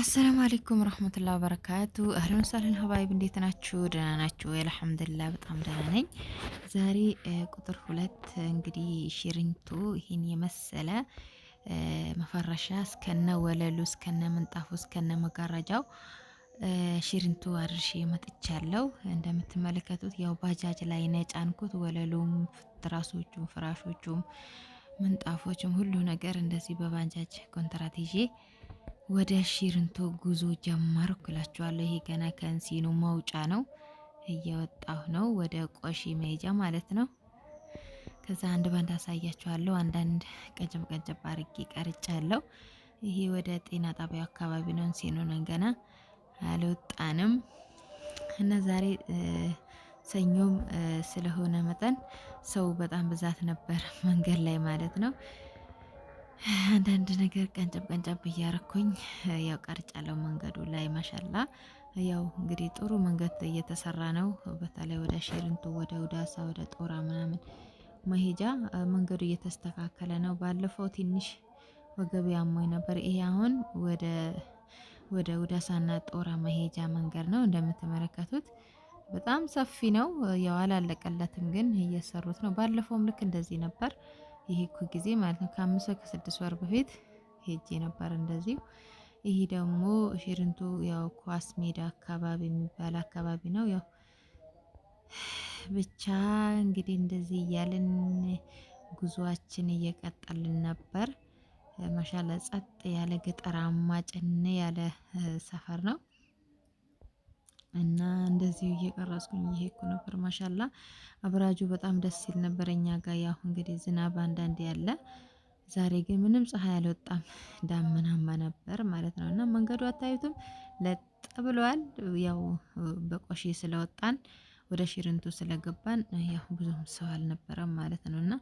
አሰላሙ አሌይኩም ረህመቱላ በረካቱ። አህለን ሳለን ሀባይብ እንዴት ናችሁ? ደህና ናችሁ? አልሐምዱሊላህ በጣም ደህና ነኝ። ዛሬ ቁጥር ሁለት እንግዲህ ሽርኝቱ ይህን የመሰለ መፈረሻ እስከነ ወለሉ እስከነ ምንጣፉ እስከነ መጋረጃው ሽርኝቱ አድርሼ መጥቻለሁ። እንደምትመለከቱት ያው ባጃጅ ላይ ነጫንኩት። ወለሉም፣ ትራሶቹም፣ ፍራሾቹም፣ ምንጣፎችም ሁሉ ነገር እንደዚህ በባጃጅ ኮንትራት ይዤ ወደ ሺርንቶ ጉዞ ጀመርኩ እላችኋለሁ። ይሄ ገና ከንሲኑ መውጫ ነው፣ እየወጣሁ ነው ወደ ቆሺ መሄጃ ማለት ነው። ከዛ አንድ ባንድ አሳያችኋለሁ። አንዳንድ ቀጀብ ቀጀብ አርጌ ቀርጫለሁ። ይሄ ወደ ጤና ጣቢያው አካባቢ ነው። እንሲኑንን ገና አልወጣንም እና ዛሬ ሰኞም ስለሆነ መጠን ሰው በጣም ብዛት ነበር መንገድ ላይ ማለት ነው። አንዳንድ ነገር ቀንጨብ ቀንጨብ እያረኩኝ ያው ቀርጫለው መንገዱ ላይ ማሻላ ያው እንግዲህ ጥሩ መንገድ እየተሰራ ነው። በተለይ ወደ ሼሪንቱ፣ ወደ ውዳሳ፣ ወደ ጦራ ምናምን መሄጃ መንገዱ እየተስተካከለ ነው። ባለፈው ትንሽ ወገብ ያሞኝ ነበር። ይሄ አሁን ወደ ወደ ውዳሳና ጦራ መሄጃ መንገድ ነው እንደምትመለከቱት በጣም ሰፊ ነው። ያው አላለቀለትም፣ ግን እየሰሩት ነው። ባለፈውም ልክ እንደዚህ ነበር። ይሄ እኮ ጊዜ ማለት ነው ከአምስት ወር ከስድስት ወር በፊት ሄጄ ነበር እንደዚሁ። ይሄ ደግሞ ሽርንቱ ያው ኳስ ሜዳ አካባቢ የሚባል አካባቢ ነው። ያው ብቻ እንግዲህ እንደዚህ እያልን ጉዞአችን እየቀጠልን ነበር። ማሻላ ጸጥ ያለ ገጠራማ ጭን ያለ ሰፈር ነው። እና እንደዚህ እየቀረጽኩኝ ይሄ እኮ ነበር። ማሻላ አብራጁ በጣም ደስ ሲል ነበር እኛ ጋር። ያሁ እንግዲህ ዝናብ አንዳንድ ያለ፣ ዛሬ ግን ምንም ፀሐይ አልወጣም፣ ዳመናማ ነበር ማለት ነው። እና መንገዱ አታዩትም ለጥ ብሏል። ያው በቆሼ ስለወጣን ወደ ሽርንቱ ስለገባን ያው ብዙም ሰው አልነበረም ማለት ነው እና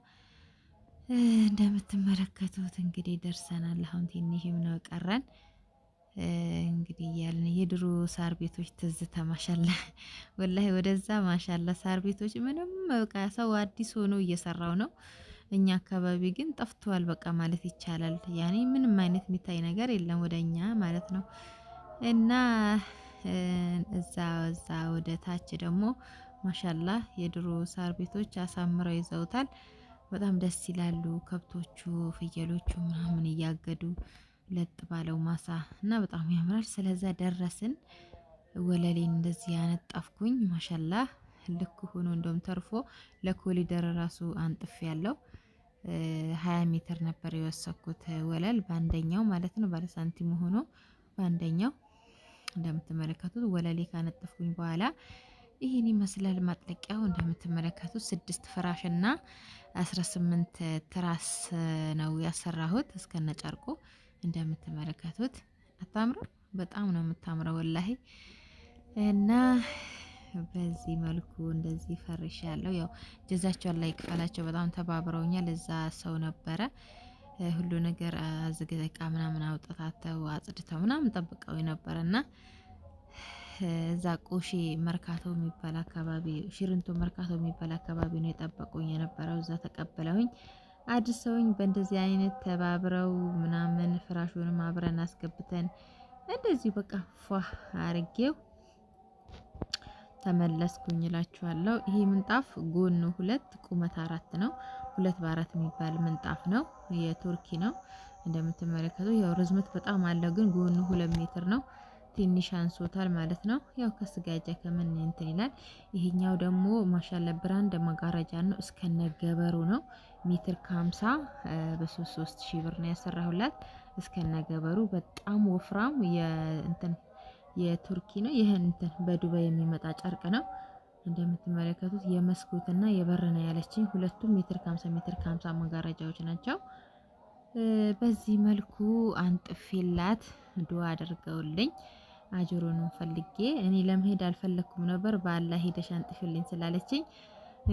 እንደምትመለከቱት እንግዲህ ደርሰናል። አሁን ትንሽም ነው ቀረን። እንግዲህ እያልን የድሮ ሳር ቤቶች ትዝተ ማሻላ ወላሂ ወደዛ ማሻላ ሳር ቤቶች ምንም በቃ ሰው አዲስ ሆኖ እየሰራው ነው። እኛ አካባቢ ግን ጠፍቷል በቃ ማለት ይቻላል። ያኔ ምንም አይነት የሚታይ ነገር የለም ወደ እኛ ማለት ነው። እና እዛ እዛ ወደ ታች ደግሞ ማሻላ የድሮ ሳር ቤቶች አሳምረው ይዘውታል። በጣም ደስ ይላሉ። ከብቶቹ ፍየሎቹ ምናምን እያገዱ ለጥ ባለው ማሳ እና በጣም ያምራል። ስለዛ ደረስን። ወለሌን እንደዚህ ያነጠፍኩኝ ማሻላ ልክ ሆኖ እንደውም ተርፎ ለኮሊደር ራሱ አንጥፍ ያለው ሀያ ሜትር ነበር የወሰኩት ወለል በአንደኛው ማለት ነው። ባለ ሳንቲም ሆኖ በአንደኛው እንደምትመለከቱት ወለሌ ካነጠፍኩኝ በኋላ ይህን ይመስላል ማጥለቂያው። እንደምትመለከቱት ስድስት ፍራሽ እና አስራ ስምንት ትራስ ነው ያሰራሁት እስከነ ጨርቁ። እንደምትመለከቱት አታምረው፣ በጣም ነው የምታምረው ወላሂ። እና በዚህ መልኩ እንደዚህ ፈርሽ ያለው ያው ጀዛቸውን ላይ ክፈላቸው። በጣም ተባብረውኛል። እዛ ሰው ነበረ ሁሉ ነገር አዝግዘ እቃ ምናምን አውጥታተው አጽድተው ምናምን ጠብቀው ነበረ እና እዛ ቆሼ መርካቶ የሚባል አካባቢ ሽርንቶ መርካቶ የሚባል አካባቢ ነው የጠበቁኝ የነበረው። እዛ ተቀበለውኝ አድሰውኝ በእንደዚህ አይነት ተባብረው ምናምን ግማሹንም አብረን አስገብተን እንደዚህ በቃ ፏ አርጌው ተመለስኩኝ እላችኋለሁ። ይሄ ምንጣፍ ጎን ሁለት ቁመት አራት ነው። ሁለት በአራት የሚባል ምንጣፍ ነው። የቱርኪ ነው እንደምትመለከቱ። ያው ርዝመት በጣም አለው፣ ግን ጎኑ ሁለት ሜትር ነው። ትንሽ አንሶታል ማለት ነው። ያው ከስጋጃ ከምን እንትን ይላል። ይሄኛው ደግሞ ማሻለ ብራንድ መጋረጃ ነው። እስከነገበሩ ነው ሜትር ከሀምሳ በሶስት ሶስት ብር ነው ያሰራሁላት እስከነገበሩ። በጣም ወፍራም የእንትን የቱርኪ ነው። ይህን እንትን በዱባይ የሚመጣ ጨርቅ ነው። እንደምትመለከቱት የመስኮትና የበር ነው ያለችኝ። ሁለቱም ሜትር ከሀምሳ ሜትር ከሀምሳ መጋረጃዎች ናቸው። በዚህ መልኩ አንጥፌላት ዱዓ አድርገውልኝ አጅሩንም ፈልጌ እኔ ለመሄድ አልፈለኩም ነበር። ባላ ሄደሽ አንጥፊልኝ ስላለችኝ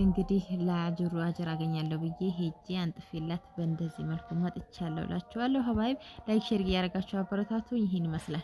እንግዲህ ለአጅሩ አጅር አገኛለሁ ብዬ ሄጄ አንጥፊላት በእንደዚህ መልኩ መጥቻለሁ ላችኋለሁ ሀባይብ ላይክ ሼር እያደረጋችሁ አበረታቱ። ይህን ይመስላል።